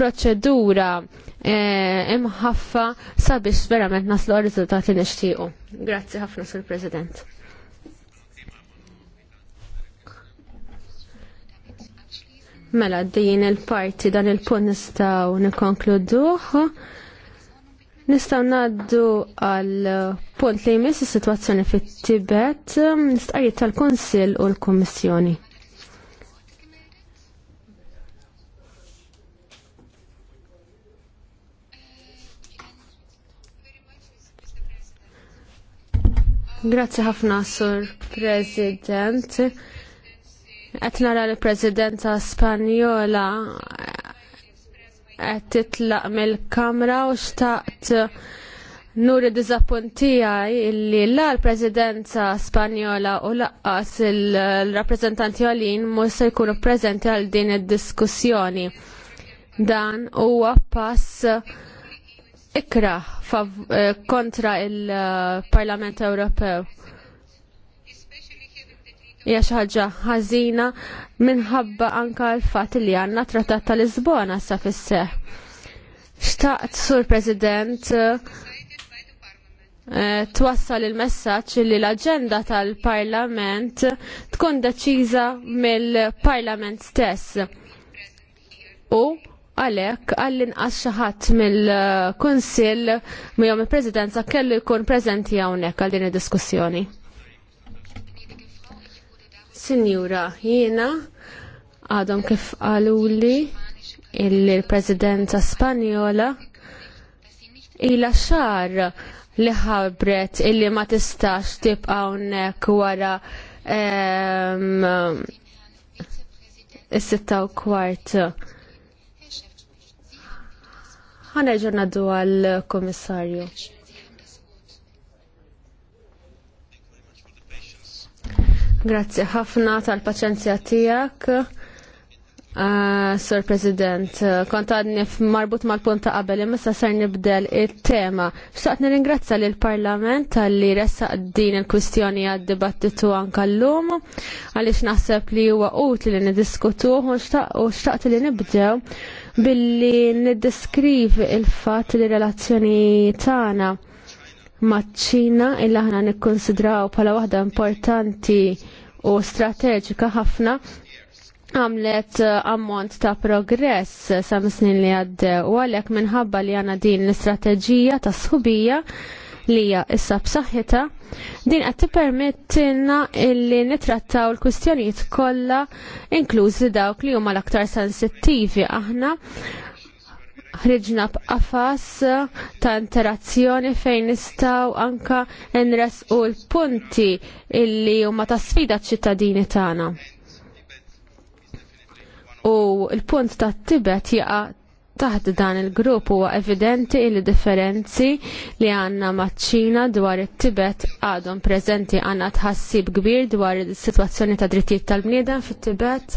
proċedura eh, imħaffa sabiex verament naslu għal-rizultat li nixtiequ. Grazzi ħafna sur President. Mela, din il-parti dan il-punt nistaw nikonkluduħ. Nistaw naddu għal punt li jmiss is-sitwazzjoni fit-Tibet, nistqarriet tal-Konsil u l-Kommissjoni. Grazzi ħafna, Sur President. Qed nara l Presidenza Spanjola qed titlaq mill-Kamra u xtaqt nuri diżappuntijaj illi la l-Presidenza Spanjola u laqqas il-rappreżentanti għalin mhux se jkunu preżenti għal din id-diskussjoni. Dan huwa pass ikra eh, kontra il-Parlament Ewropew. Hija xi ħaġa ħażina minħabba anka l-fatt li għandna Trattat tal Lisbona sa fis Xtaqt, Sur President, eh, twassal il-messaġġ li l-aġenda tal-Parlament tkun deċiża mill-Parlament stess. U għalhekk għall-inqas xi ħadd mill-Kunsill miegħu il-Presidenza kellu jkun preżenti hawnhekk għal din id-diskussjoni. Sinjura, jiena għadhom kif għaluli il-Presidenza Spanjola ila xar li ħabret illi ma tistax tibqa' hawnhekk wara ehm, is-sitta u kwart ħanerġa' ngħaddu għall-Kummissarju. Grazzi ħafna tal-paċenzja tiegħek. Uh, Sir President, kont għadni marbut mal punta ta' qabel, imissa ser nibdel il-tema. Xtaqt nirringrazzja l parlament għalli li ressaq din il-kwistjoni għad-dibattitu anka l-lum, għalli naħseb li huwa utli li nidiskutu, u xtaqt li nibdew billi niddeskriv il-fatt li relazzjoni tagħna maċ-Ċina illi aħna nikkonsidraw bħala waħda importanti u strateġika ħafna għamlet uh, ammont ta' progress sa' snin li għaddew u għalhekk minħabba li għana din l-istrateġija ta' sħubija li issa b'saħħitha, din qed tippermettilna illi nitrattaw l-kwistjonijiet kollha inklużi dawk li huma l-aktar sensittivi aħna ħriġna b'qafas ta' interazzjoni fejn nistgħu anka nresqu l-punti illi huma ta' sfida ċ-ċittadini tagħna u l-punt ta' Tibet jaqa taħt dan il-grupp huwa evidenti li differenzi li għandna maċ-Ċina dwar it-Tibet għadhom preżenti għandna tħassib kbir dwar is-sitwazzjoni ta' drittijiet tal-bniedem fit-Tibet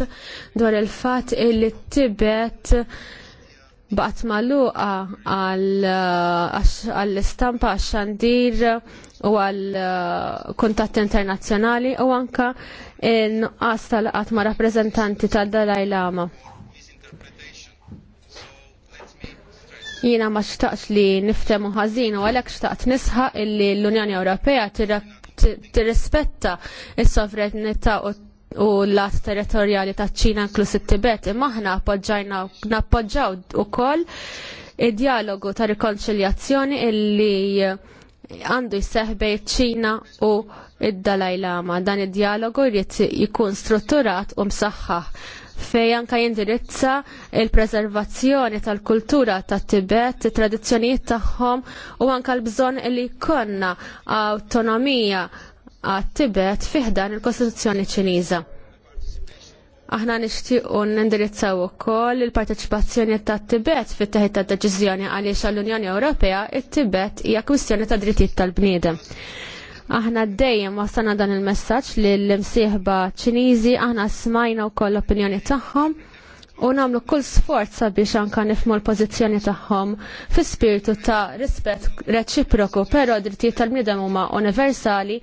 dwar il-fatt li t-Tibet baqt maluqa għall-istampa għax-xandir u għall-kuntatt uh, internazzjonali u anka nuqqas tal-qatt ma' rappreżentanti tad-Dalai Lama. Jiena ma xtaqx li niftemu ħażin u għalhekk xtaqt nisħa illi l-Unjoni Ewropea tirrispetta s-sovranità u l-lat territorjali ta' ċina inklus it-Tibet imma aħna appoġġajna nappoġġaw ukoll id-dialogu ta' rikonċiljazzjoni illi għandu jseħħ bejn ċina u id-Dalaj Lama. Dan id-dialogu jrid jikun strutturat u msaħħaħ fej anka jindirizza il-preservazzjoni tal-kultura tat Tibet, tradizzjonijiet tagħhom u anka l-bżonn li jkollna awtonomija għat Tibet fiħdan il-Kostituzzjoni Ċiniża. Aħna nixtiequ nindirizzaw ukoll il-parteċipazzjoni tat Tibet fit-teħid tad deċiżjoni għaliex għall-Unjoni Ewropea it-Tibet hija kwistjoni ta' drittijiet tal-bniedem. Aħna dejjem wasana dan il-messaġġ lill imsieħba Ċiniżi, aħna smajna wkoll l-opinjoni tagħhom u nagħmlu kull sforz sabiex anke nifhmu l-pożizzjoni tagħhom fi spiritu ta' rispett reċiproku, però drittijiet tal-bniedem huma universali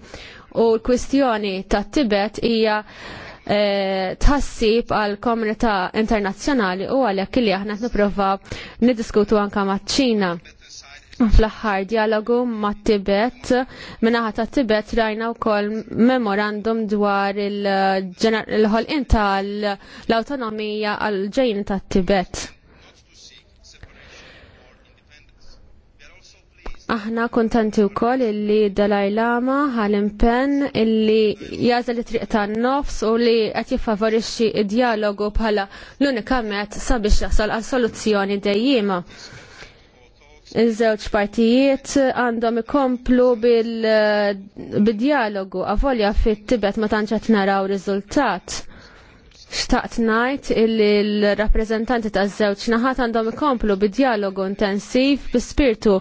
u l-kwistjoni ta' Tibet hija eh, tħassib għal komunità internazzjonali u għalhekk li aħna nipprova niddiskutu anke maċ-Ċina fl-aħħar dialogu ma' Tibet, minnaħat ta' Tibet rajna u kol memorandum dwar il-ħolqin tal-autonomija għal-ġejn ta' Tibet. Aħna kontanti u koll illi Dalai Lama ħal-impen illi jazel li triq ta' nofs u li għet jifavorixi id-dialogu bħala l-unika met sabiex jasal għal soluzzjoni dejjima. Iż-żewġ partijiet għandhom ikomplu bil-dialogu avolja fit-Tibet ma tantx naraw riżultat. Xtaqt ngħid illi l-rappreżentanti taż-żewġ naħat għandhom ikomplu bid-dialogu intensiv bi-spirtu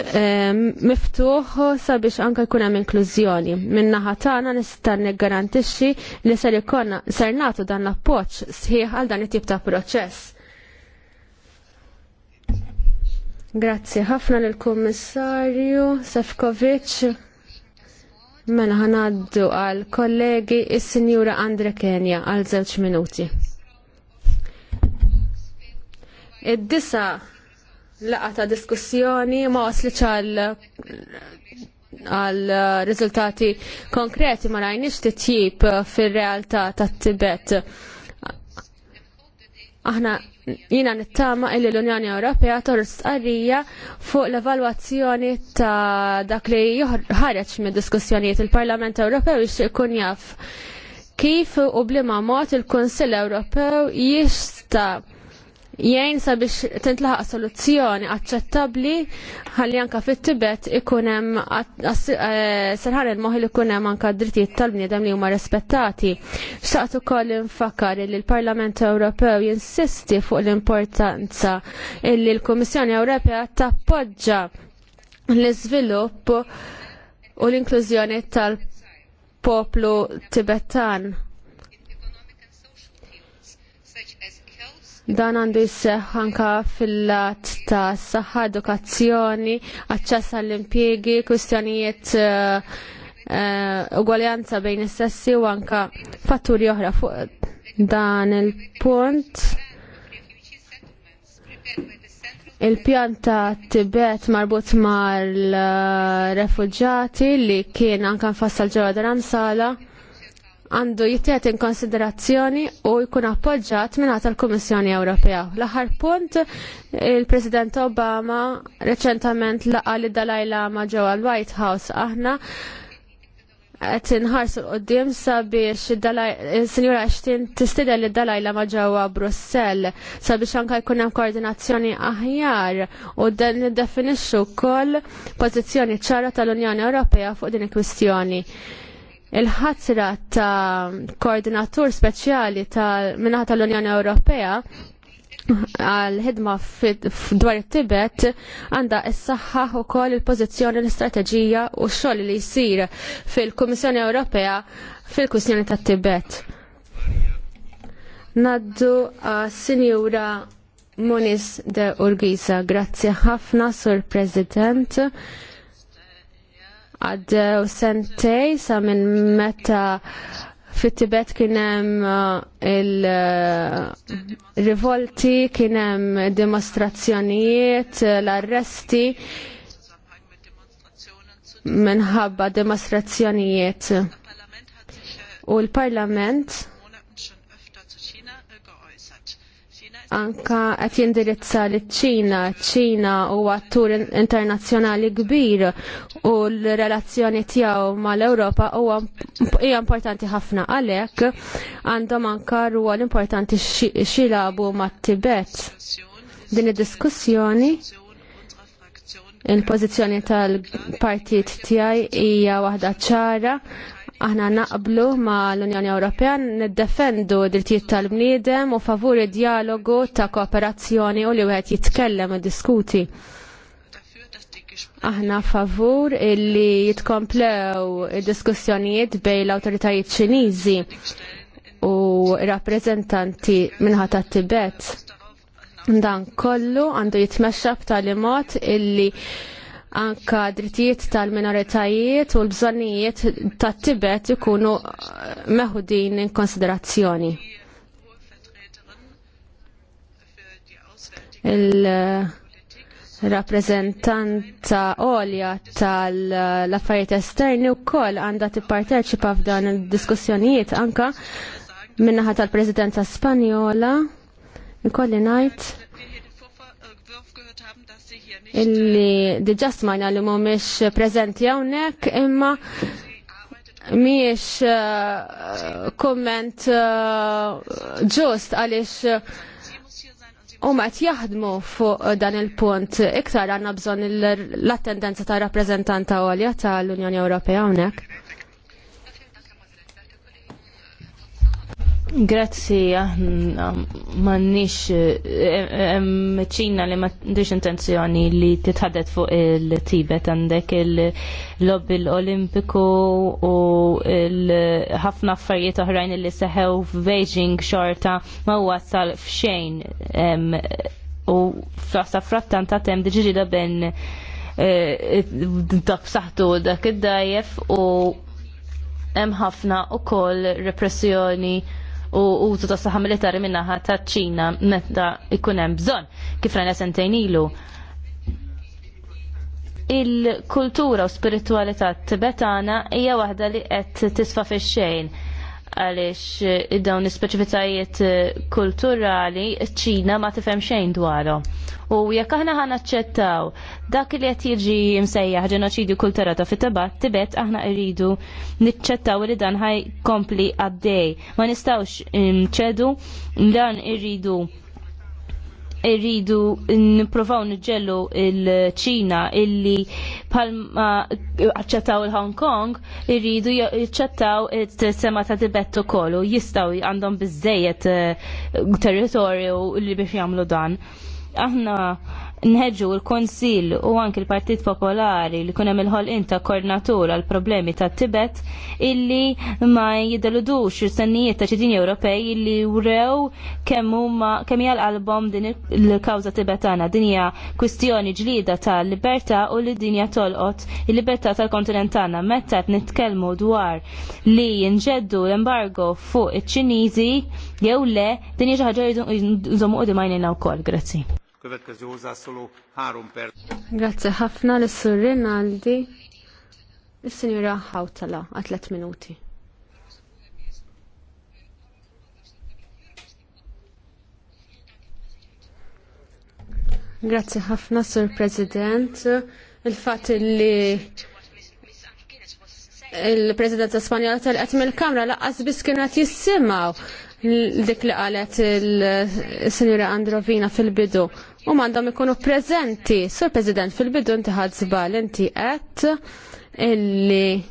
miftuħ sabiex anka jkun hemm inklużjoni. Min naħa tagħna nista' niggarantixxi li ser ikonna ser nagħtu dan l-appoġġ sħiħ għal dan it-tip ta' proċess. Grazzi ħafna lill-Kummissarju Sefkovic. Mela ħanaddu għal kollegi is-Sinjura Andre Kenja għal żewġ minuti. Id-disa laqa ta' diskussjoni ma waslitx għal għal riżultati konkreti ma rajniex titjib fir-realtà tat-Tibet. Aħna jina nittama illi l-Unjoni Ewropea torz qarrija fuq l-evalwazzjoni ta' dak li ħareġ mid diskussjonijiet il-Parlament Ewropew biex ikun jaf kif u blima mod il-Kunsill Ewropew jista' jgħin sabiex tintlaħaq soluzzjoni aċċettabbli ħalli anka fit-Tibet ikun hemm eh, serħar il-moħil ikun hemm anka drittijiet tal-bniedem li huma rispettati. Xtaqt ukoll infakkar li l-Parlament Ewropew jinsisti fuq l-importanza li l-Kummissjoni Ewropea tappoġġa l-iżvilupp u l-inklużjoni tal-poplu Tibetan Dan għandu jisseħ anka fil-lat ta' saħħa, edukazzjoni, aċċess għall-impjegi, kwistjonijiet uh, uh, bejn is-sessi u anka fatturi oħra fuq dan il-punt. il pjan ta' Tibet marbut mal-refugġati eh, li kien anka nfassal ġewwa Daransala. sala għandu jittiet in konsiderazzjoni u jkun appoġġat minn għata l-Kummissjoni Ewropea. L-aħħar punt, il-President Obama reċentament laqa li Dalai Lama ġewwa l-White House aħna qed inħarsu l-qoddim sabiex il-Sinjura Ashtin tistidel li Dalai Lama ġewwa Brussell sabiex anke jkun hemm koordinazzjoni aħjar u dan niddefinixxu wkoll pożizzjoni ċara tal-Unjoni Ewropea fuq din il-kwistjoni il-ħatra ta' koordinatur speċjali ta' minnaħa tal-Unjoni Ewropea għal-ħidma dwar it-Tibet għandha s-saħħaħ ukoll il-pożizzjoni l-istrateġija u x-xogħol li jsir fil-Kummissjoni Ewropea fil-kwistjoni tat-Tibet. Naddu għas-Sinjura Moniz de Urgisa, grazzi ħafna, Sur President. Għad sentej sa minn meta fit-Tibet kienem uh, il-rivolti, uh, kienem demonstrazzjonijiet, uh, l-arresti minħabba demonstrazzjonijiet. U l-Parlament anka qed jindirizza liċ ċina ċina huwa attur internazzjonali kbir u l-relazzjoni tiegħu mal-Ewropa huwa hija importanti ħafna għalhekk għandhom anka rwol importanti xilabu mat-Tibet. Din id-diskussjoni il-pożizzjoni tal-partit tiegħi hija waħda ċara aħna naqblu ma l-Unjoni Ewropea niddefendu drittijiet tal-bniedem u favuri dialogu ta' kooperazzjoni u li wieħed jitkellem u diskuti. Aħna favur illi jitkomplew id-diskussjonijiet bejn l-awtoritajiet Ċiniżi u rappreżentanti minħa tat-Tibet. Dan kollu għandu jitmexxa b'tali mod illi anka drittijiet tal-minoritajiet u l-bżonnijiet tat-Tibet ikunu eh, meħudin in konsiderazzjoni. il-rappreżentanta għolja tal-affarijiet esterni wkoll għandha tipparteċipa f'dan id diskussjonijiet anka min-naħa tal-Presidenza Spanjola. Ikolli ngħid illi diġa smajna li mhumiex prezenti hawnhekk imma miex eh, komment eh, ġust għaliex eh, u ma jaħdmu fuq dan il-punt iktar għanna bżon l-attendenza ta' rappresentanta għolja tal-Unjoni Ewropea hawnhekk. Grazzi, aħna m'għandniex, eh, eh, ċina li ma intenzjoni li titħadet fuq il-Tibet għandek il-lobby l-Olimpiku u ħafna affarijiet oħrajn li seħew f'Beijing xorta ma wasal f'xejn u frasta frattan ta' tem da' ben eh, dak saħtu dak id-dajef u hemm ħafna ukoll repressjoni u użu ta' saħħa militari minnaħa ta' ċina meta jkun hemm bżonn kif rajna sentejn ilu. Il-kultura u spiritualità tibetana hija waħda li qed tisfa fix-xejn għaliex eh, dawn specifizajiet eh, kulturali ċina ma tifhem xejn dwarhom. U jekk aħna ħan aċċettaw dak li qed jiġi msejjaħ ġenoċidju kulturata fit tibet Tibet aħna rridu niċċettaw li dan ħaj kompli għaddej. Ma nistgħux nċedu mm, dan irridu irridu nipprovaw nġellu il-ċina illi palma ċattaw il-Hong Kong irridu ċattaw il-sema ta' Tibet u kollu jistaw għandhom bizzejet eh, territorju li biex jamlu dan. Aħna nħedġu l-Konsil u anki l-Partit Popolari li kunem il-ħol inta koordinatur għal problemi ta' Tibet illi ma jidaludux il-sennijiet ta' ċittadini Ewropej illi wrew kemm jgħal album din il-kawza tibetana. Din hija kwistjoni ġlida ta' libertà u li dinja tolqot il-libertà tal kontinentana metta meta nitkellmu dwar li jinġeddu l-embargo fuq iċ-Ċiniżi jew le dinja ġaħġa jizomu u dimajnina u kol, wkoll. Grazzi. Grazie ħafna l-Sur Rinaldi. Il-Sinjura Hautala, għatlet minuti. Grazie ħafna, Sur President. Il-fat li il-Presidenza Spanjola tal mill-Kamra laqqas biss kienet jissimgħu dik li qalet il-Sinjura Androvina fil-bidu u mandam ikunu prezenti. Sur President, fil-bidu inti zbal, inti għet illi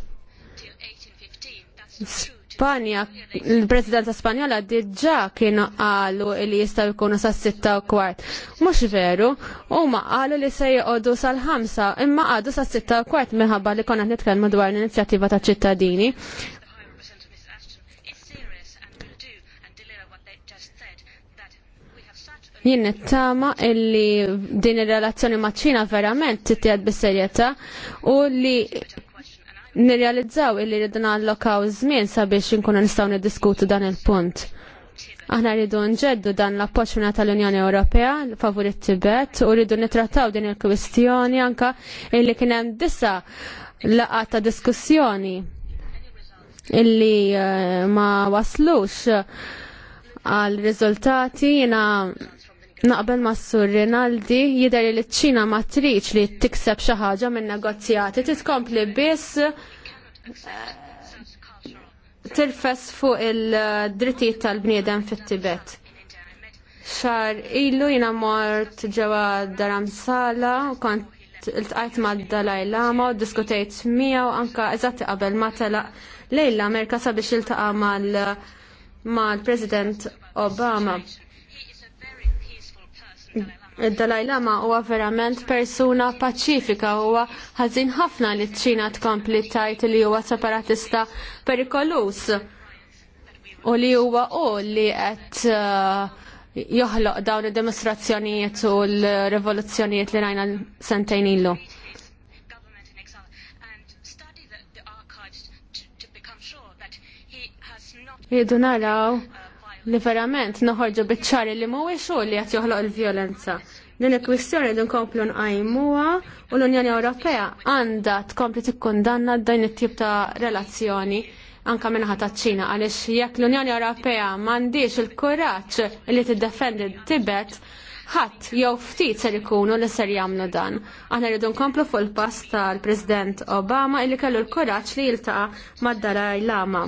Spanja, l-Presidenza Spanjola diġa kienu għalu li jistaw jkunu sa' sitta u kwart. Mux veru, u ma għalu li se jgħodu sal-ħamsa, imma għadu sa' sitta u kwart minħabba li konna nitkellmu dwar l-inizjattiva ta' ċittadini. Jien nittama illi din ir-relazzjoni maċ-Ċina verament tittieħed bis-serjetà u li nirrealizzaw illi l nallokaw żmien sabiex inkunu nistgħu niddiskutu dan il-punt. Aħna rridu nġeddu dan l-appoġġ minna tal-Unjoni Ewropea favur it-Tibet u rridu nitrattaw din il-kwistjoni anka illi kien hemm disa laqgħat ta' diskussjoni illi eh, ma waslux għal riżultati jiena naqbel ma' Sur Rinaldi jidher li t ċina ma triċ li tikseb xi ħaġa minn negozjati titkompli biss eh, tirfess fuq il-drittijiet tal-bniedem fit-Tibet. Xar ilu jina mort ġewa Dharamsala u kont il-tqajt ma' Dalai Lama u diskutejt miegħu anka eżatti qabel ma telaq lejla Amerika sabiex il-taqa mal-President Obama. Dalai Lama huwa verament persuna paċifika huwa ħażin ħafna li ċ-Ċina tkompli tajt li huwa separatista perikolus u li huwa u li qed uh, joħloq dawn id-demonstrazzjonijiet u l-rivoluzzjonijiet li rajna sentejn ilu. Jidu naraw li verament noħorġu bitċari li mhuwiex xogħol li qed joħloq il-vjolenza. Din il-kwistjoni din komplu nqajmuha u l-Unjoni Ewropea għandha tkompli tikkundanna dan it-tip ta' relazzjoni anka minnaħa ta' ċina għaliex jekk l-Unjoni Ewropea m'għandix il-kuraġġ li tiddefendi Tibet ħadd jew ftit ser ikunu li ser jagħmlu dan. Aħna rridu nkomplu fuq il-pass tal-President Obama illi kellu l-kuraġġ li jiltaqa' mad-Dalai Lama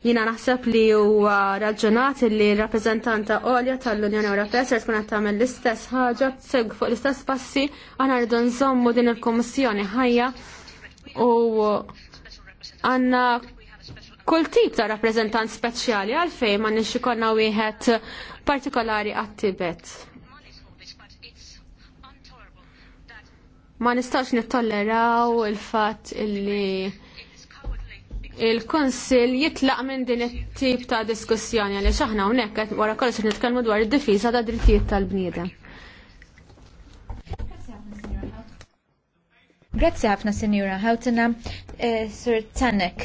Jina naħseb li huwa raġunat li rappreżentanta għolja tal-Unjoni Ewropea se tkun qed tagħmel l-istess ħaġa tsegħu fuq l-istess passi aħna rridu nżommu din il-Kummissjoni ħajja u għandna kull tip ta' rappreżentant speċjali għalfejn ma nix ikollna wieħed partikolari għat-Tibet. ma nistax nittolleraw il fatt illi il-Konsil jitlaq minn din it-tip ta' diskussjoni għaliex aħna hawnhekk qed wara kollox nitkellmu dwar id-difiża ta' drittijiet tal-bniedem. Grazzi ħafna Sinjura Hawtina, eh, Sir Tanek.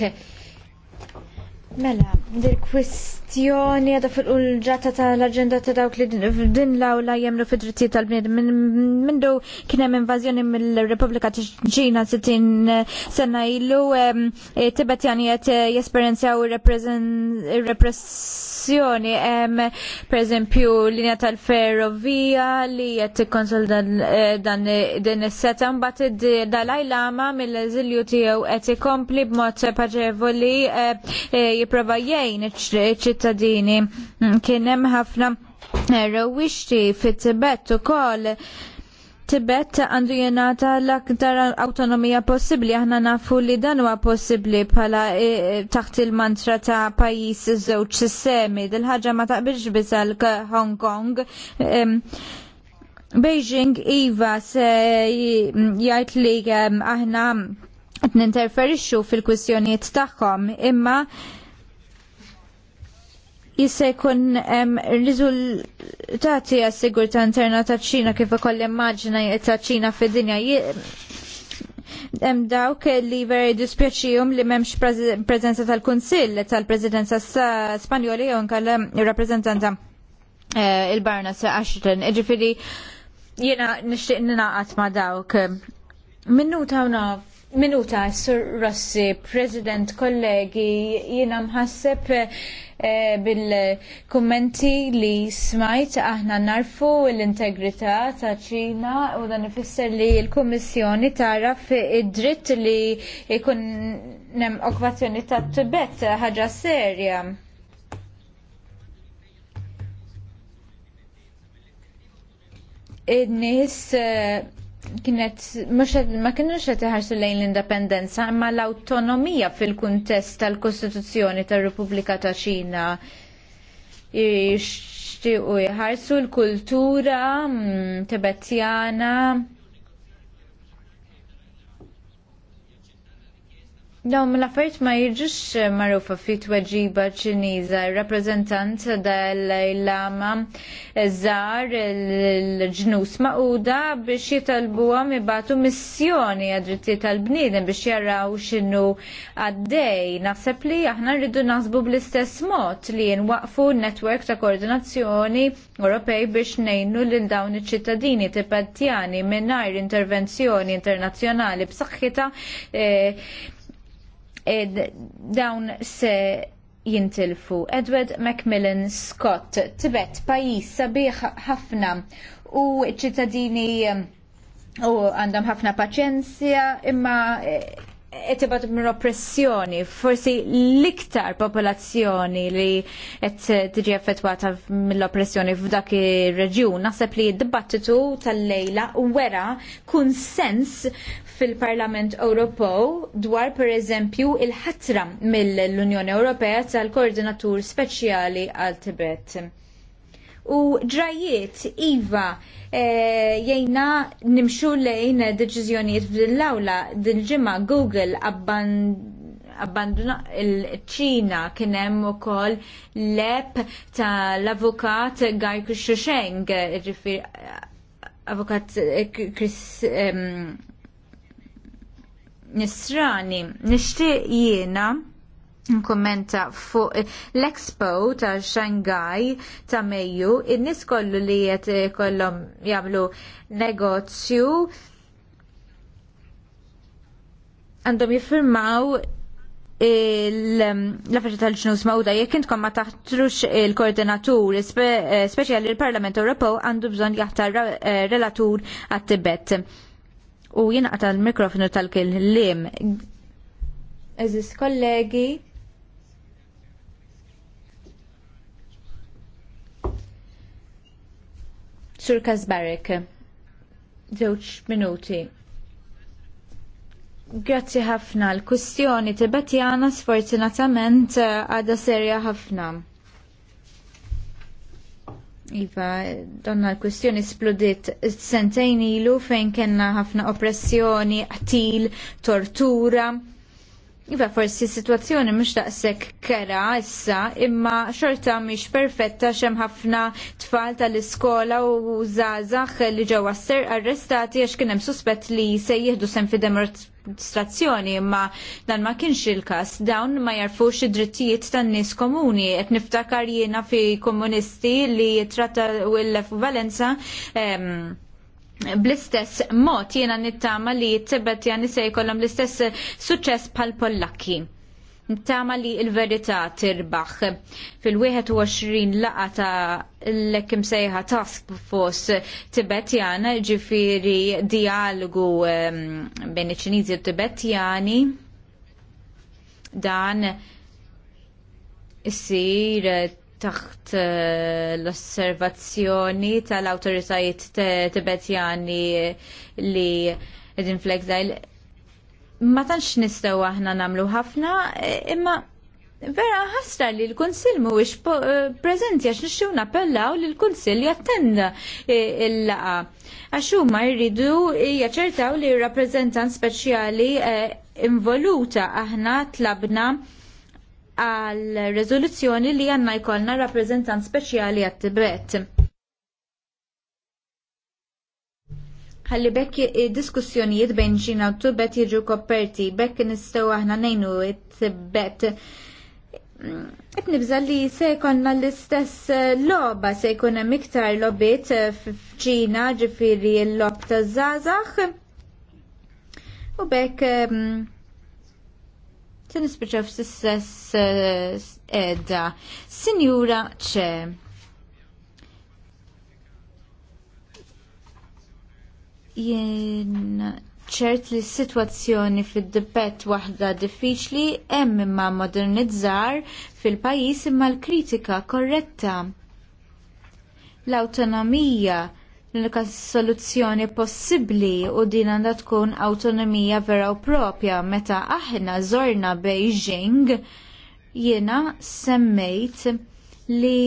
Mela, dil-kwist kwestjoni għada fil-ġata tal-agenda ta' dawk li din l-awla jemlu fid-drittijiet tal-bnid minn kien kienem invażjoni mill-Repubblika ċina 60 eh, sena ilu eh, jani għet eh, jesperjenzjaw repressjoni per eżempju linja tal-ferrovija li għet konsol dan din is-seta mbagħad dalaj lama mill-eżilju tiegħu qed b b'mod paġevoli jipprova jgħin ċittadini ċittadini mm, kienem hemm ħafna eh, rewishti fit-Tibet ukoll. Tibet għandu jenata l-aktar autonomija possibli, aħna nafu li dan huwa possibli bħala eh, taħt il-mantra ta' pajis żewġ sistemi, dil-ħaġa ma taqbilx bisal Hong Kong. Beijing Iva se jgħid li aħna ninterferixxu fil-kwistjonijiet tagħhom imma jista' jkun riżultati għas-sigurtà interna ta' ċina kif ukoll immaġina ta' ċina fid-dinja hemm dawk li veri dispjaċihom li m'hemmx preżenza tal-Kunsill tal-Presidenza Spanjoli jew inkella rappreżentanta eh, il-Barna sa' Ashton. Iġifieri jiena nixtieq ninaqat ma' dawk. Minnu ta' naf Minuta, Sir Rossi, President, kollegi, jina mħasseb eh, bil-kommenti li smajt aħna narfu l-integrità ta' ċina u dan ifisser li l-Kummissjoni taraf id-dritt li jkun hemm okkupazzjoni ta' Tibet ħaġa serja. Id-nies eh, kienet ma kienux qed iħarsu lejn l-indipendenza imma l-awtonomija fil-kuntest tal-Kostituzzjoni tar-Repubblika ta' Ċina jixtiequ jħarsu l-kultura mm, tibetjana Dawn la affarijiet ma jiġux magħrufa fi tweġiba Ċiniża, rappreżentant dal-lama żar l-ġnus maquda biex jitalbuhom ibatu missjoni għad-drittijiet tal-bniedem biex jaraw x'inhu għaddej. Naħseb li aħna rridu naħsbu bl-istess mod li nwaqfu n-netwerk ta' koordinazzjoni Ewropej biex ngħinu lil dawn iċ-ċittadini tipattjani mingħajr intervenzjoni internazzjonali b'saħħitha eh, dawn se jintilfu. Edward Macmillan Scott, Tibet, pajis sabiħ ħafna u ċittadini um, u għandhom ħafna paċenzja imma etibat eh, minn oppressjoni, forsi l-iktar popolazzjoni li qed tiġi effettwata mill-oppressjoni f'dak ir-reġjun, naħseb li d-dibattitu tal-lejla wera sens fil-Parlament Ewropew dwar pereżempju il-ħatra mill-Unjoni Ewropea tal-Koordinatur Speċjali għal Tibet. U ġrajiet, Iva, eh, jgħina nimxu lejn deċiżjonijiet fil-lawla dil-ġimma Google abbanduna abbandona il-ċina kienem u kol lepp ta' l-avukat Guy Krisheng, eh, avukat eh, Chris um, nisrani. Nixtieq jiena nkommenta fuq l-Expo ta' Shanghai ta' Mejju, in-nies kollu li qed kollhom jagħmlu negozju għandhom jiffirmaw l affarijiet tal-ġnus mawda jekk intkom ma taħtrux il-koordinatur eh, speċjali l-Parlament Ewropew għandu bżonn jaħtar eh, relatur għat-Tibet u jinaqta l-mikrofonu tal lim. Eżis kollegi, Sur Kazbarek, żewġ minuti. Grazzi ħafna. L-kustjoni tibetjana sfortunatament għada serja ħafna. Iva, donna l-kwestjoni splodit sentejn ilu fejn kena ħafna oppressjoni, qtil, tortura. Iva, forsi situazzjoni mux daqsek kera issa, imma xorta miex perfetta xem ħafna tfal tal-iskola u zazax li ġewa ser arrestati għax kienem suspett li se jihdu sem fi amministrazzjoni imma dan ma kienx il-każ dawn ma jarfux id-drittijiet tan-nies komuni qed niftakar jiena fi komunisti li jitratta Willef Valenza em, bl-istess mod jiena nittama li jittibet jani se jkollhom l-istess suċċess bħal Pollakki. Ntama li il-verità tirbaħ. Fil-21 laqa ta' l-ekim sejħa task fos tibetjana ġifiri dialogu bejn iċ u Tibetjani dan issir taħt eh, l-osservazzjoni tal-autoritajiet tibetjani li edin fl ma tantx nistgħu aħna nagħmlu ħafna, e, imma vera ħasra li l-Kunsill mhuwiex e, preżenti għax nixxew nappellaw li l-Kunsill jattenda e, il-laqa. Għax huma jridu jaċertaw li r-rappreżentant speċjali involuta aħna tlabna għal rezoluzzjoni li għanna jkollna r-rappreżentant speċjali għat-Tibet. ħalli bekk diskussjonijiet bejn ċina u Tibet jiġu koperti, bekk nistgħu aħna ngħinu t-Tibet. Qed nibża li se jkollna l-istess eh, logħba se jkun hemm iktar logħbiet eh, f'Ċina ġifieri l-lob taż-żgħażagħ. U bekk ehm, se nispiċċaw f'istess edda. Eh, Sinjura ċe. jien ċert li s-sitwazzjoni fid-dibet waħda diffiċli hemm imma modernizzar fil-pajjiż imma l-kritika korretta. L-awtonomija l-unika soluzzjoni possibbli u din għandha tkun awtonomija vera u propja meta aħna żorna Beijing jiena semmejt li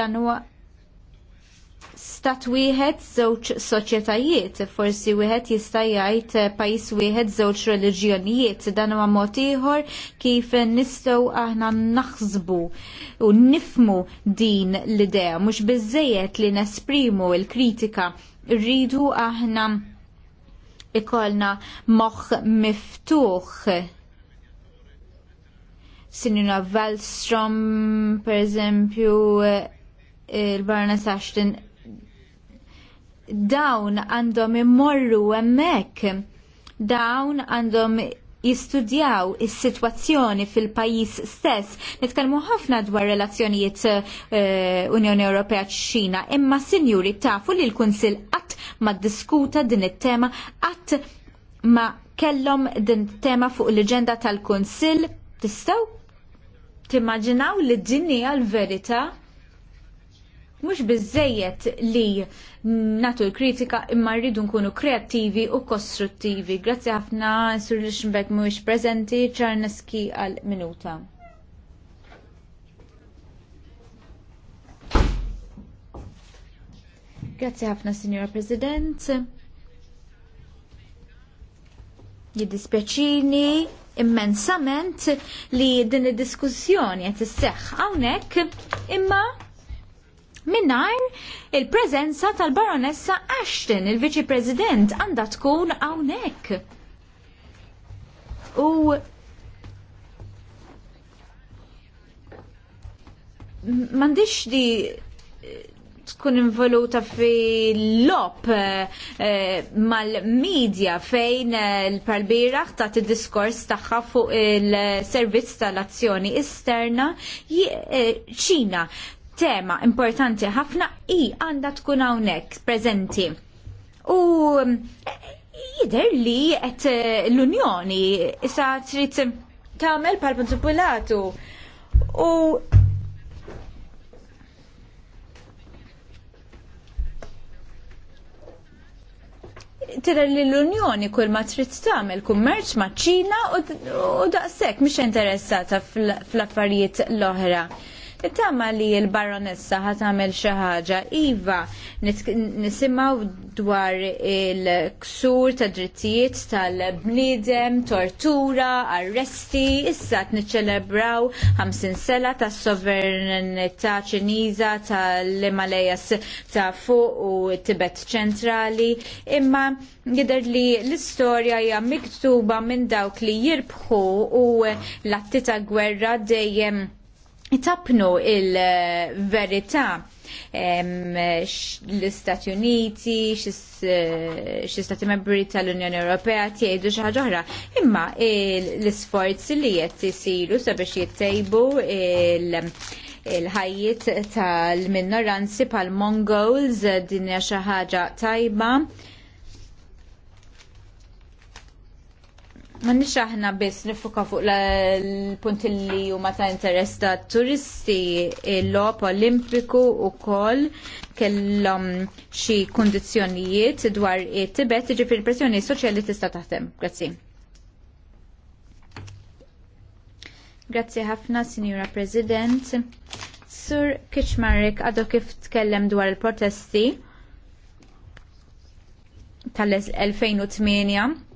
dan huwa stat wieħed żewġ soċjetajiet, forsi wieħed jista' jgħid eh, pajjiż wieħed żewġ reliġjonijiet, dan huwa mod ieħor kif nistgħu aħna naħsbu u nifmu din l-idea mhux biżejjed li nesprimu l-kritika rridu aħna ikolna moħħ miftuħ Sinjuna Wallstrom, per eżempju, eh, il-Barnes Ashton dawn għandhom immorru hemmhekk. Dawn għandhom jistudjaw is-sitwazzjoni fil-pajjiż stess. Nitkellmu ħafna dwar relazzjonijiet uh, Unjoni Ewropea ċina imma sinjuri tafu li l-Kunsill qatt ma ddiskuta din it-tema qatt ma kellhom din it tema fuq l ġenda tal-Kunsill. Tistgħu timmaġinaw li d-dinja l-verità? Mhux biżejjed li natu l kritika imma rridu nkunu kreattivi u kostruttivi. Grazzi ħafna Sur Lixnbek mhuwiex preżenti ċarneski għal minuta. Grazzi ħafna Signora President. Jiddispjaċini immensament li din id-diskussjoni qed isseħħ hawnhekk imma mingħajr il prezenza tal-Baronessa Ashton, il-Viċi President, għandha tkun hawnhekk. U mandiċ di tkun involuta fi lop eh, mal-medja fejn eh, l-palbiraħ ta' diskors tagħha fuq il-servizz tal-azzjoni esterna eh, ċina tema importanti ħafna i għandha tkun hawnhekk preżenti. U mm, jidher li qed eh, l-Unjoni issa trid tagħmel pal principulatu u tidher li l-Unjoni kull ma trid tagħmel kummerċ maċ-Ċina u daqshekk mhix interessata fl-affarijiet l-oħra. fl affarijiet l oħra Tama li l-baronessa ħat għamil xaħġa, Iva, nisimaw dwar il-ksur ta' drittijiet tal-bnidem, tortura, arresti, issa t-niċelebraw 50 sela ta' sovranità ċiniża tal-Imalejas ta' fuq u Tibet ċentrali, imma jidher li l-istorja hija miktuba minn dawk li jirbħu u l-atti ta' gwerra dejjem tapnu il-verità l-Istati Uniti, x eh, stati membri tal-Unjoni Ewropea tgħidu xi ħaġa oħra, imma l-isforzi li qed isiru sabiex jittejbu il-ħajjiet tal-minoranzi pal-Mongols din hija xi ħaġa tajba Mannix aħna biss nifuka fuq l-punti li huma ta' interess ta' turisti il-lop olimpiku u kol kellhom xi kundizzjonijiet dwar it-Tibet ġifir pressjoni soċjali tista' taħdem. Grazzi. Grazzi ħafna, Sinjura President. Sur Kiċmarek għadu kif tkellem dwar il-protesti tal-2008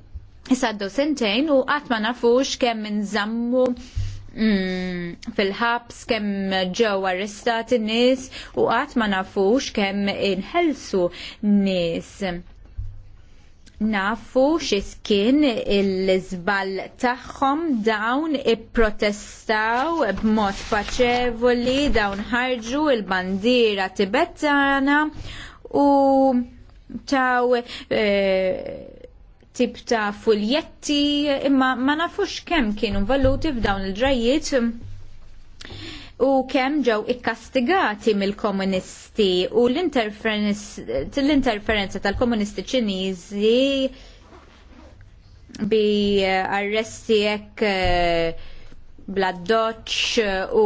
Isaddu sentejn u qatt ma nafux kemm nżammu mm, fil-ħabs kemm ġew arrestati nies u qatt ma nafux kemm inħelsu nies nafu xiskin il-zbal tagħhom dawn ipprotestaw b'mod paċevoli dawn ħarġu il-bandiera tibettana u taw eh, tip ta' fuljetti, imma ma nafux kemm kienu valuti f'dawn il-ġrajiet u kemm ġew ikkastigati mill-komunisti u l-interferenza tal-komunisti ċiniżi bi eh, arresti hekk eh, bla doċ u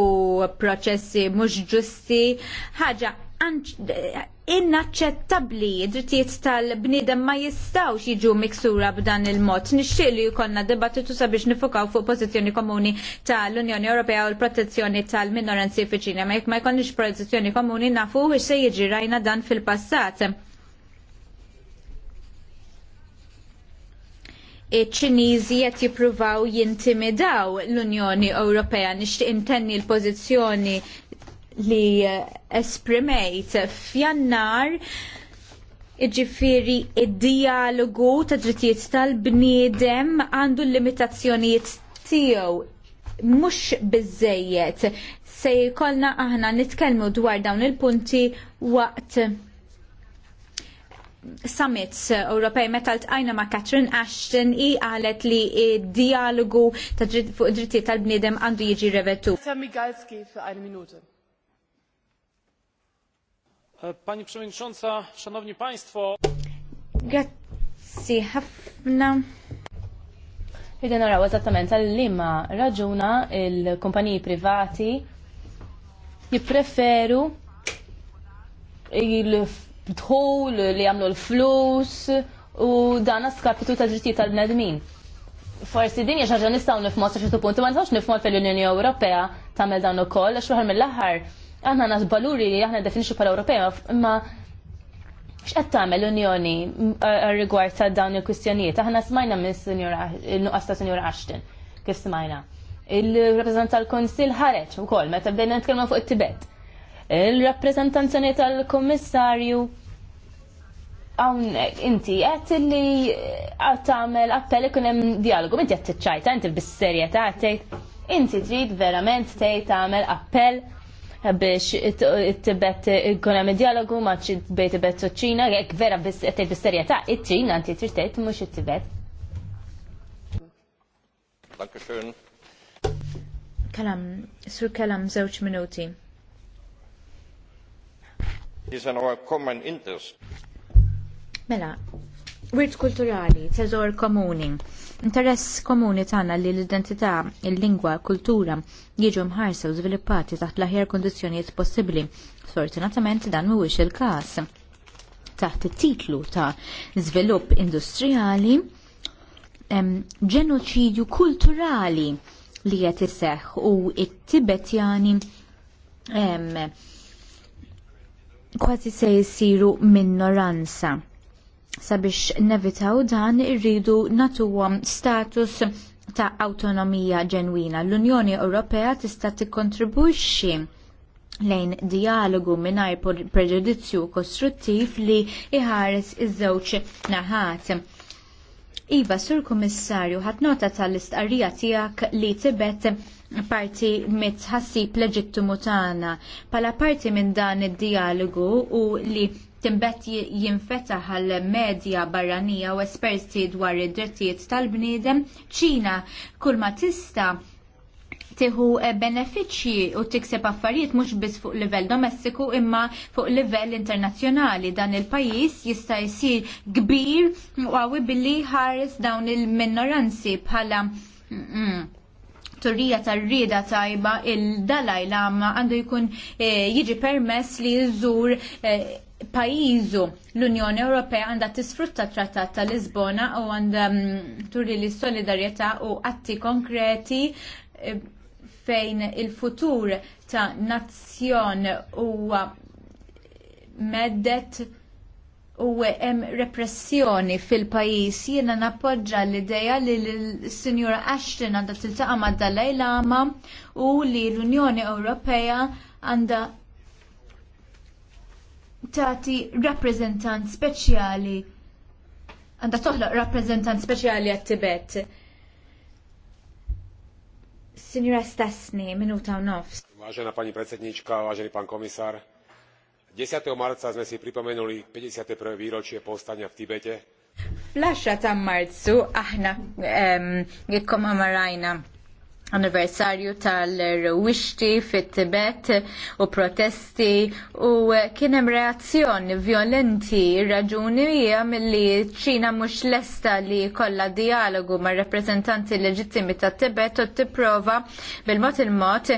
proċessi mhux ġusti ħaġa inaċċettabbli id-drittijiet tal-bniedem ma jistawx jiġu miksura b'dan il-mod. Nixtieq li jkollna dibattitu sabiex nifokaw fuq pożizzjoni komuni tal-Unjoni Ewropea u l-protezzjoni tal-minoranzi fiċina, ma jekk ma jkollniex pożizzjoni komuni nafu biex se jiġi rajna dan fil-passat. iċ ċiniżi qed jippruvaw jintimidaw l-Unjoni Ewropea nixtieq intenni l-pożizzjoni li esprimejt f'jannar Iġifiri, id-dialogu ta' drittijiet tal-bniedem għandu l-limitazzjonijiet tiegħu. Mhux biżejjed se jkollna aħna nitkellmu dwar dawn il-punti waqt summits Ewropej meta ltqajna ma' Catherine Ashton i qalet li d-dialogu ta' fuq drittijiet tal-bniedem għandu jiġi revetu. Galski fi minuta. E, Pani Przewodnicząca, Szanowni Państwo. Grazie. ħafna. Ida naraw eżattament għall-lima raġuna il-kumpaniji privati jippreferu il-dħul li għamlu l-flus u dan skapitu ta' ġrittijiet tal-bnedmin. Forsi din hija xi ħaġa nistgħu nifhmu sa ċertu punt, ma nistgħux nifhmu fil-Unjoni Ewropea tagħmel dan ukoll għax waħar mill-aħħar għanna nas baluri li aħna definixu pala Ewropej, imma x'qed tagħmel l-Unjoni rigward ta' dawn il-kwistjonijiet? Aħna smajna minn Sinjura nuqqas ta' Sinjura Ashton kif smajna. Il-rappreżentant tal-Konsil ħareġ ukoll meta bdejna nitkellmu fuq it-Tibet. Il-rappreżentanzjoni tal-Kummissarju għawnek, inti għet li tagħmel appell ikun hemm dialogu, inti għet t-ċajta, inti bis-serjetà tgħid, inti trid verament tgħid tagħmel appell biex it-Tibet ikun dialogu ma' bejn Tibet u ċina, jekk vera biss qed bis-serjetà iċ-Ċina inti trid tgħid mhux it-Tibet. Dankeschön. Kalam, sur kalam żewġ minuti. Mela, Wirt kulturali, teżor komuni. Interess komuni tagħna li l-identità, il-lingwa, kultura jiġu mħarsa u żviluppati taħt l-aħjar kondizzjonijiet possibbli. Fortunatament dan mhuwiex il-każ. Taħt it-titlu ta' żvilupp industrijali ġenoċidju kulturali li qed iseħħ u it-Tibetjani kważi se jisiru minoranza sabiex nevitaw dan irridu natuhom status ta' awtonomija ġenwina. L-Unjoni Ewropea tista' tikkontribwixxi lejn dialogu mingħajr preġudizzju kostruttiv li iħares iż-żewġ naħat. Iva, Sur Kummissarju, ħat nota tal-istqarrija tiegħek li tibet parti mit ħassib leġittimu tagħna pala parti minn dan id-dialogu u li timbet jinfeta għal medja barranija u esperti dwar id-drittijiet tal-bniedem, ċina kull ma tista' tiħu eh, benefiċċji u tikseb affarijiet mhux biss fuq livell domestiku imma fuq livell internazzjonali. Dan il-pajjiż jista' jsir kbir u għawi billi ħares dawn il-minoranzi bħala turija tar-rieda tajba il-Dalaj Lama għandu jkun eh, jiġi permess li jżur eh, pajizu l-Unjoni Ewropea għandha tisfrutta trattat ta' Lisbona u għandha mm, turi li solidarjetà u atti konkreti eh, fejn il-futur ta' nazzjon huwa meddet u hemm repressjoni fil-pajjiż jiena nappoġġa l-idea li l-Sinjura Ashton għandha tiltaqa' mad Dalai Lama u li l-Unjoni Ewropea għandha tati rappresentant speċjali għanda toħloq rappresentant speċjali għat-Tibet. Signora Stasni, minuta u nofs. Vážená pani predsednička, vážený pan komisar, 10. marca sme si pripomenuli 51. výročie povstania v Tibete. Flasha tam marcu, ahna, um, komamorajna anniversarju tal-rewixti fit-Tibet u protesti u kien hemm reazzjoni vjolenti raġuni hija milli ċina mhux lesta li kollha dialogu mar rappreżentanti leġittimi tat-Tibet u tipprova bil-mod il-mod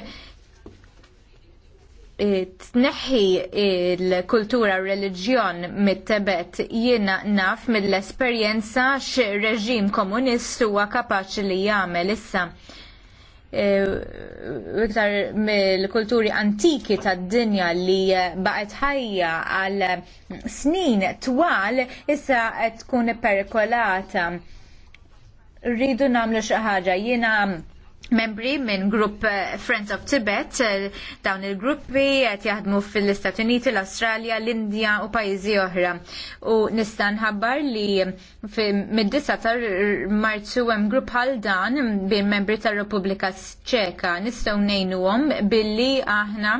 tneħħi il-kultura reliġjon mit-Tibet jiena naf mill-esperjenza x'reġim komunist huwa kapaċi li jagħmel issa. Eh, iktar mill-kulturi antiki tad-dinja li baqgħet ħajja għal snin twal issa qed tkun perikolata. Rridu nagħmlu xi ħaġa jiena membri minn grupp eh, Friends of Tibet, eh, dawn il-gruppi qed jaħdmu fil-Istati Uniti, l awstralja l-Indja u pajjiżi oħra. U nista' nħabbar li mid-9 tar Marzu hemm grupp bħal dan bejn membri tar-Repubblika Ċeka. Nistgħu ngħinuhom billi aħna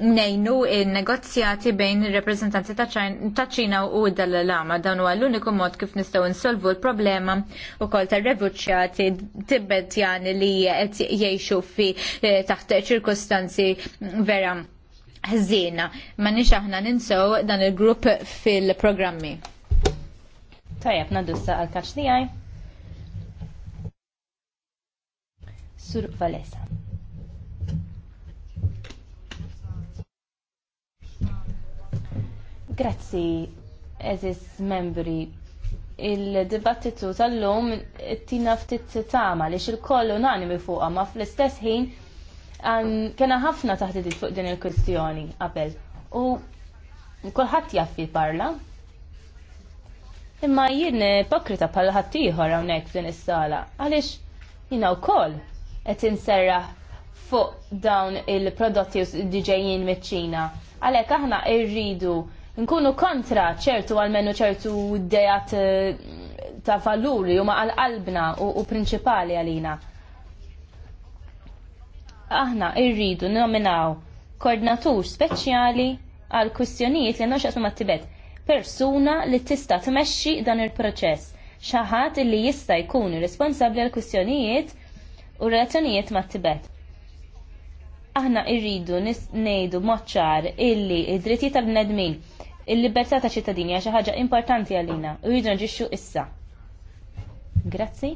nejnu il-negozjati bejn il-reprezentanti ta' ċina u id-Dalai Dan huwa l-uniku mod kif nistgħu insolvu l-problema u kol ta' refuġjati tibbetjani li qed jgħixu fi eh, taħt ċirkostanzi vera ħżiena. Ma nix aħna ninsew dan il-grupp fil-programmi. Tajab, nadussa għal-kaċ Sur Valesa. Grazzi, eżis membri. Il-dibattitu tal-lum tina ftit tama li xil-kollu nani fuqa ma fl-istess ħin kena ħafna taħt fuq din il-kwestjoni qabel. U kolħat jaff parla Imma jien ipokrita pal ħaddieħor hawnhekk f'din is-sala għaliex jina wkoll qed inserra fuq dawn il-prodotti diġejjin miċ-Ċina. Għalhekk aħna rridu nkunu kontra ċertu għalmenu ċertu dejat eh, ta' valuri huma għal-qalbna u prinċipali għalina. Aħna irridu nominaw koordinatur speċjali għal kwistjonijiet li għandhom ma tibet Persuna li tista' tmexxi dan il-proċess. Xi ħadd li jista' jkun responsabbli għal kwistjonijiet u relazzjonijiet mat-Tibet aħna irridu ngħidu moċċar illi id dritti tal-bnedmin il-libertà ta' ċittadini hija xi ħaġa importanti għalina u jridu nġixxu issa. Grazzi.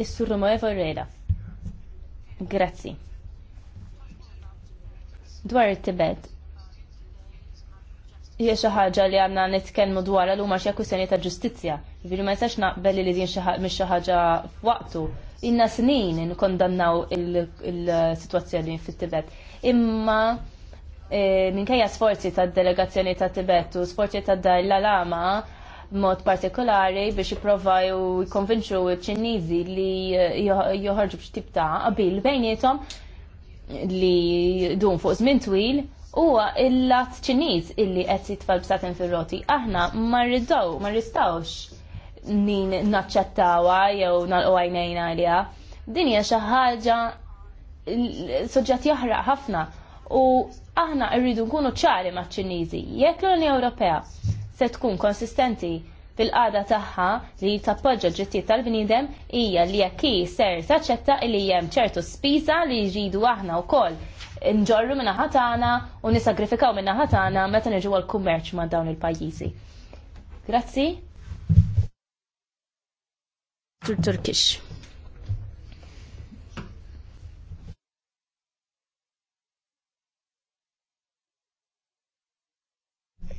Is-Sur evo rreda. Grazzi. Dwar it-Tibet. Hija xi ħaġa li għandna nitkellmu dwar l huma xi kwistjoni ta' ġustizzja. Jiġifieri ma jistax naqbelli li din xaħġa xi ħaġa f'waqtu inna snin nkondannaw il-situazzjoni fit tibet Imma E, minkejja sforzi tad delegazzjoni ta' Tibet u sforzi ta' Dalai Lama mod partikolari biex jipprovaw jkonvinċu ċ-Ċiniżi li e, joħorġu b'xi tibta' qabil bejniethom li dun fuq żmien twil huwa il-lat Ċiniż illi qed jitfal b'satin fir-roti. Aħna ma rridaw, ma ristawx nin naċċettawha jew nalqu għajnejna għaliha. Din hija xi ħaġa soġġett jaħraq ħafna u aħna rridu nkunu ċari maċ ċiniżi jekk l-Unjoni Ewropea se tkun konsistenti fil-qada tagħha li tappoġġa ġittijiet tal-bniedem hija li jekk hi ser taċċetta li hemm ċertu spiża li jridu aħna wkoll nġorru minn ħatana u nisagrifikaw minn ħatana meta niġu għall kummerċ ma' dawn il-pajjiżi. Grazzi. Tur Turkish.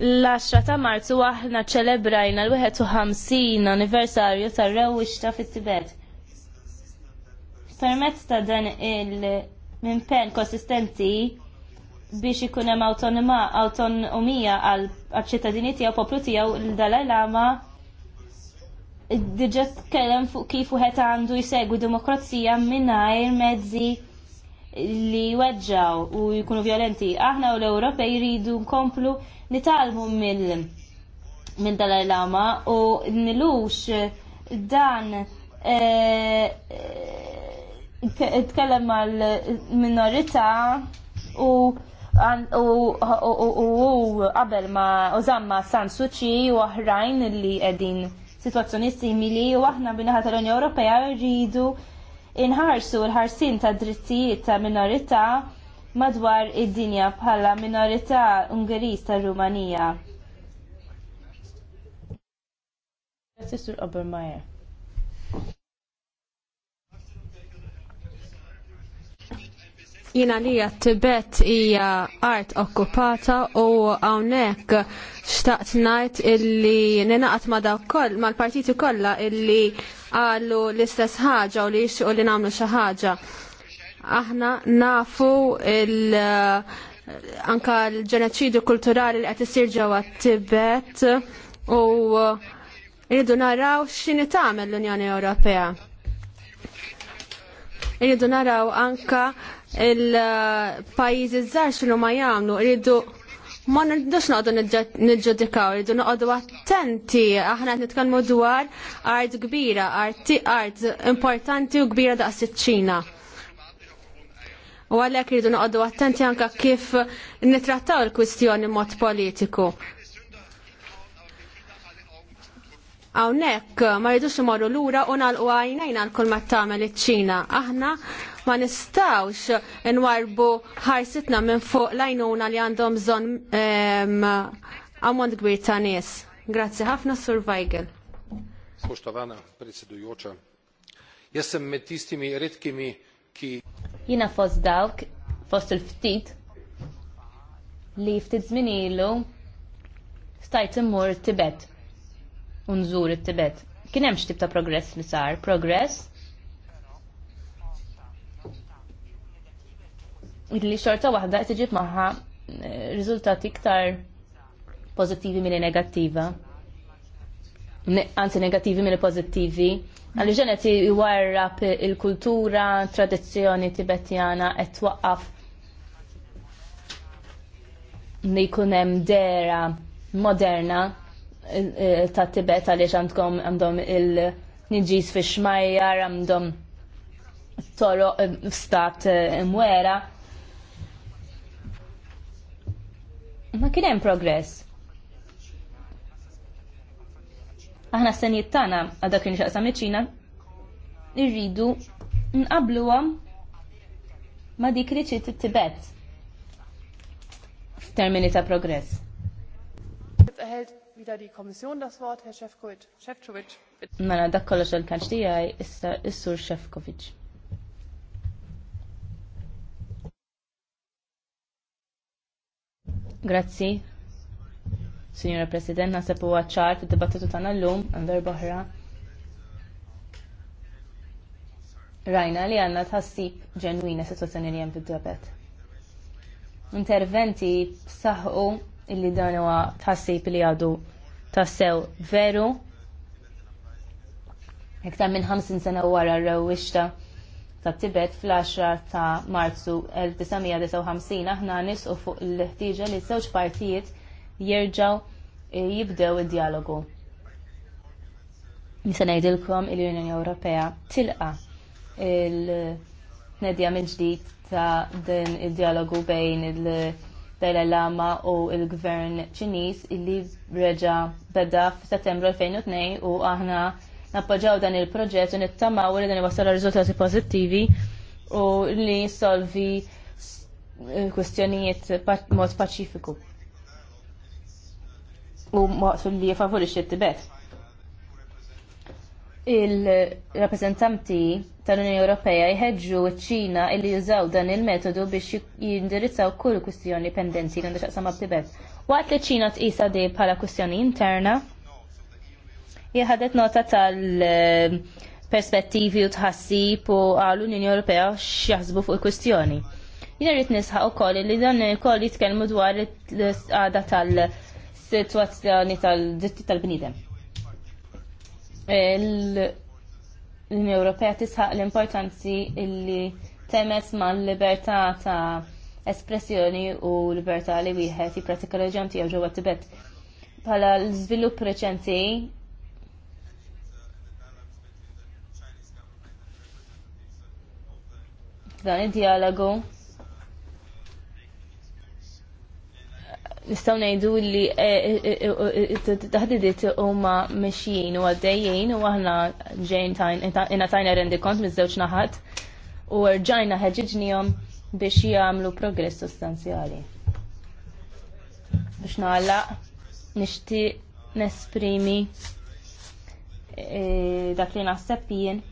l-10 ta' marzu aħna ċelebrajna l-51 anniversarju tar-rewwixta fit-Tibet. Permezz ta' dan il-impenn konsistenti biex ikun hemm awtonomija għal ċittadini tiegħu poplu tiegħu l-Dalai Lama diġà tkellem fuq kif wieħed għandu jsegwi demokrazija mingħajr mezzi li weġġaw u jkunu violenti. Aħna u l-Ewropej jridu nkomplu nitalmu mill minn Dalai Lama u nilux dan eh, eh, tkellem mal minorità u u qabel ma użamma San Suċi u oħrajn li qegħdin situazzjoni simili u aħna binaħa tal-Unja Ewropea rridu inħarsu l-ħarsin ta' drittijiet ta' minorità madwar id-dinja bħala minorità Ungeriż tar Rumanija. Grazzi Sur Obermeyer. jina li Tibet hija art okkupata u hawnhekk xtaqt ngħid illi ninaqat ma dawk koll mal-partiti kollha illi qalu l-istess ħaġa u li u li nagħmlu xi ħaġa. Aħna nafu il anka l-ġenoċidju kulturali li qed isir ġewwa Tibet u rridu naraw x'inhi tagħmel l-Unjoni Ewropea. Irridu naraw anka il-pajjiżi zzar xinu ma jagħmlu rridu ma nridux noqogħdu niġġudikaw, rridu noqogħdu attenti, aħna qed nitkellmu dwar art kbira, art art importanti u kbira daqs iċ-Ċina. U għalhekk rridu noqogħdu attenti anke kif nittrattaw il-kwistjoni mod politiku. Hawnhekk ma rridux imorru lura u nagħlqu għajnejna l-kull tamel tagħmel iċ-Ċina. Aħna ma nistawx nwarbu ħarsitna minn fuq lajnuna li għandhom bżon għamond gbir ta' nies. Grazzi ħafna Sur Weigel. Spoštovana predsedujoča, joċa. Jessem med tistimi ki. Jina fost dawk, fost il-ftit, li ftit zminilu ilu stajt immur Tibet, unżur it-Tibet. Kien hemm x'tib ta' progress li sar, progress li xorta waħda qed iġib magħha eh, riżultati iktar pożittivi milli negattiva. Anzi negattivi milli pożittivi. Għal ġenet jwarrab il-kultura, tradizzjoni tibetjana qed twaqqaf li jkun hemm dera moderna eh, eh, ta' Tibet għaliex għandkom għandhom il-nġis fi xmajjar għandhom toroq f'stat mwera ma kien hemm progress. Aħna s senjiet tagħna għadha kien xaqsa miċina irridu nqabluhom ma dik li ċiet it-Tibet f'termini ta' progress. wieder die Kommission das Wort, Herr Mela dak kollox il-kanċ tiegħi issa is-sur Shefkovic. Grazzi. Signora President, nasab huwa ċar fid-dibattitu l lum għandar boħra. Rajna li għandna tħassib ġenwina situazzjoni li hemm fid-diabet. Interventi saħqu illi dan huwa tħassib li għadu tassew veru iktar minn 50 sena wara r-rewwixta ta' Tibet fl-10 ta' Marzu 1959 aħna nisqu fuq l ħtieġa li żewġ partijiet jerġgħu eh, jibdew id-dialogu. Nisa ngħidilkom il-Unjoni Ewropea tilqa il-nedja mill-ġdid ta' din id-dialogu bejn il-Dalai Lama u l gvern Ċiniż illi reġa' beda f'Settembru 2002 u aħna nappoġġaw dan il-proġett u nittamaw li dan iwassal riżultati pożittivi u li jissolvi eh, kwestjonijiet mod paċifiku u maqsul li jafavorixxi t-Tibet. Il-rappresentanti tal-Unjoni Ewropea jħeġġu ċ-Ċina illi jużaw dan il-metodu biex jindirizzaw kull kwistjoni pendenti għandu xaqsam għab Tibet. Waqt li ċ-Ċina tqisha di bħala kwistjoni interna, ħadet nota tal- perspettivi u tħassib u għalu l-Unjoni Ewropea x'jaħsbu fuq il-kwistjoni. Jien nisħa nisħaq ukoll li dan koll jitkellmu dwar għada tal-sitwazzjoni tal-dritti tal bnidem L-Unjoni Ewropea tisħaq l-importanzi li temet ma' l-libertà ta' espressjoni u libertà li wieħed jippratika reġjon tiegħu ġewwa Tibet. Pala l-żvilupp reċenti f'dan id-dialogu. Nistgħu ngħidu li e, e, e, taħdidiet huma mexjin u għaddejjin u aħna ġejn tajna rendi kont miż-żewġ naħat u rġajna ħeġiġnihom biex jagħmlu progress sostanzjali. Biex nagħlaq nixtieq nesprimi dak li naħseb jien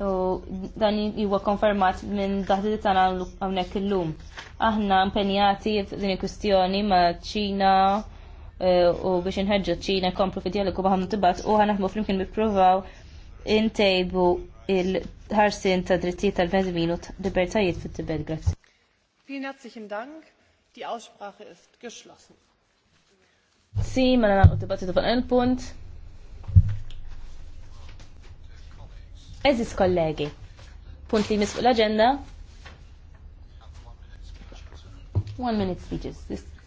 u dan huwa konfermat minn tana għawnek hawnhekk illum. Aħna impenjati f'din il-kwistjoni ma' Ċina e, u biex inħeġġu ċina komplu fi dialogu baħamnu tibat u ħanaħmu flimkien nippruvaw intejbu il-ħarsin ta' drittijiet tal-bnedmin u libertajiet fit-Tibet. Grazzi. Vielen herzlichen Dank. Die Aussprache ist geschlossen. Si, ma mela nagħlqu dibattitu fuq il-punt. Eżis kollegi, punt li misfuq l-agenda. One minute speeches. This